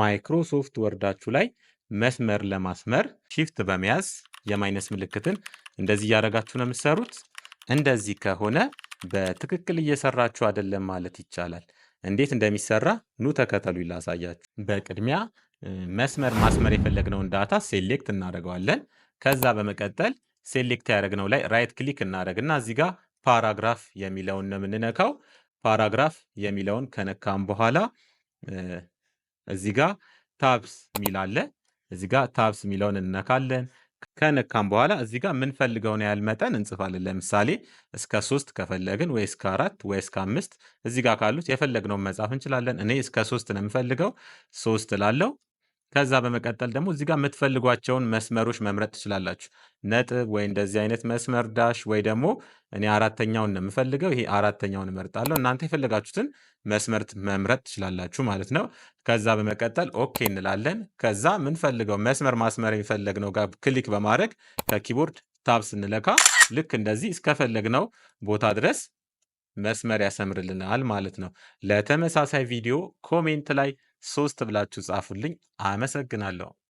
ማይክሮሶፍት ወርዳችሁ ላይ መስመር ለማስመር ሺፍት በመያዝ የማይነስ ምልክትን እንደዚህ እያደረጋችሁ ነው የምትሰሩት። እንደዚህ ከሆነ በትክክል እየሰራችሁ አይደለም ማለት ይቻላል። እንዴት እንደሚሰራ ኑ ተከተሉ ይላሳያችሁ። በቅድሚያ መስመር ማስመር የፈለግነውን ዳታ ሴሌክት እናደርገዋለን። ከዛ በመቀጠል ሴሌክት ያደረግነው ላይ ራይት ክሊክ እናደርግና እዚህ ጋር ፓራግራፍ የሚለውን ነው የምንነካው። ፓራግራፍ የሚለውን ከነካም በኋላ እዚህ ጋር ታብስ ሚል አለ። እዚህ ጋር ታብስ ሚለውን እንነካለን። ከነካም በኋላ እዚህ ጋር የምንፈልገውን ያህል መጠን እንጽፋለን። ለምሳሌ እስከ ሶስት ከፈለግን ወይ እስከ አራት ወይ እስከ አምስት እዚህ ጋር ካሉት የፈለግነውን መጻፍ እንችላለን። እኔ እስከ ሶስት ነው የምፈልገው ሶስት ላለው ከዛ በመቀጠል ደግሞ እዚህ ጋር የምትፈልጓቸውን መስመሮች መምረጥ ትችላላችሁ። ነጥብ ወይ እንደዚህ አይነት መስመር ዳሽ፣ ወይ ደግሞ እኔ አራተኛውን ነው የምፈልገው፣ ይሄ አራተኛውን እመርጣለሁ። እናንተ የፈለጋችሁትን መስመር መምረጥ ትችላላችሁ ማለት ነው። ከዛ በመቀጠል ኦኬ እንላለን። ከዛ ምንፈልገው መስመር ማስመር ነው ጋር ክሊክ በማድረግ ከኪቦርድ ታብ ስንለካ ልክ እንደዚህ እስከፈለግነው ቦታ ድረስ መስመር ያሰምርልናል ማለት ነው። ለተመሳሳይ ቪዲዮ ኮሜንት ላይ ሶስት ብላችሁ ጻፉልኝ። አመሰግናለሁ።